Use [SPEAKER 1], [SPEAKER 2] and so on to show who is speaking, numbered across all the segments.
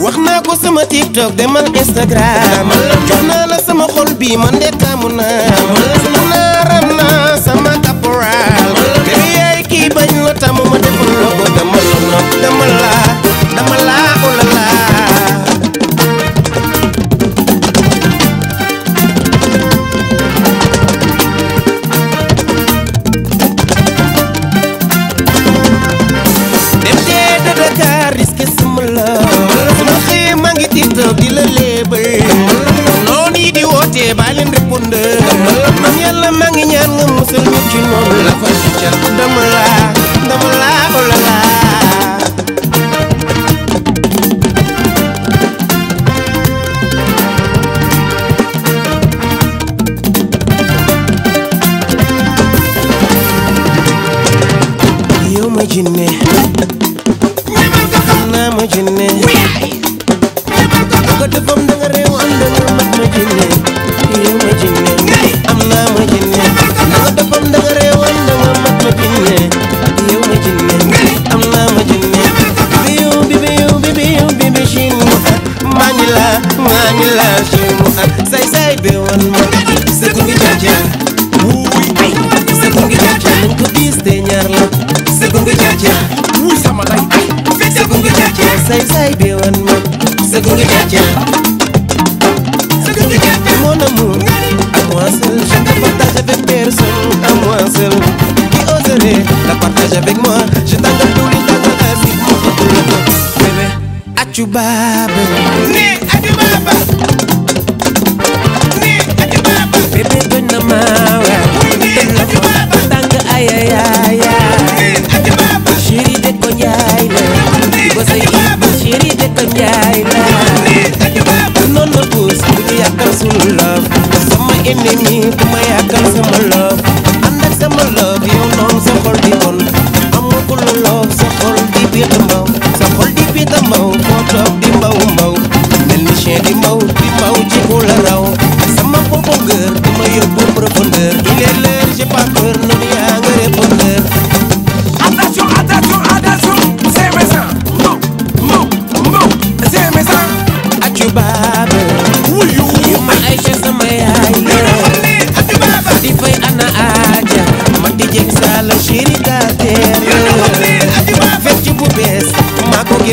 [SPEAKER 1] wax naa ko sama tiktok demal Instagram jox naa la sama xol bi man de taamu naa jinne naa ma jinne ko defam da nga réew am da nga mat ma jinne yow ma jinne am naa ma jinne ko defam da nga réew am da nga mat ma jinne yow ma jinne am naa ma jinne biyu bi biyu bi biyu bi bi shin mu at mañi la mañi la shin mu at say say bi wan ma sa gungi jaja jaja wuy sama lay sa gunge jaja say say bi wan sa gunge jaja sa gunge jaja mon amour à moi seul je ne partage avec personne à moi la partager avec moi je t'engage tous les temps dans la vie mon bébé achu jaay laa noon ma puus bu ñu yàkkal suñu love sama ennemi bu ma yàkkal sama love ànd ak sama love yow noonu sa xol di bon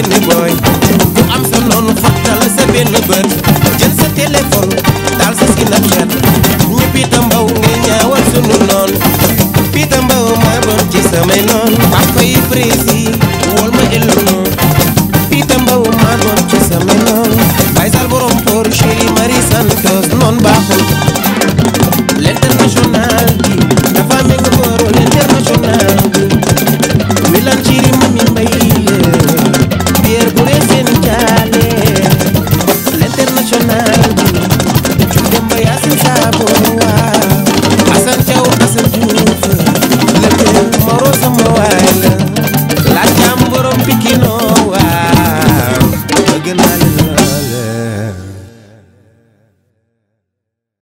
[SPEAKER 1] génn booy ku am sa noonu fàttal sa benn bët jël sa téléphone daal sa Snapchat ñu Pita Mbow ngay ñaawal sunu noon Pita Mbow maa bon ci samay noon papa yi prési leer bu leen seen i jaale l'international bi Diouf Demba Yacine Sabo waaw Assane Thiaw la jël moro sama la laaj am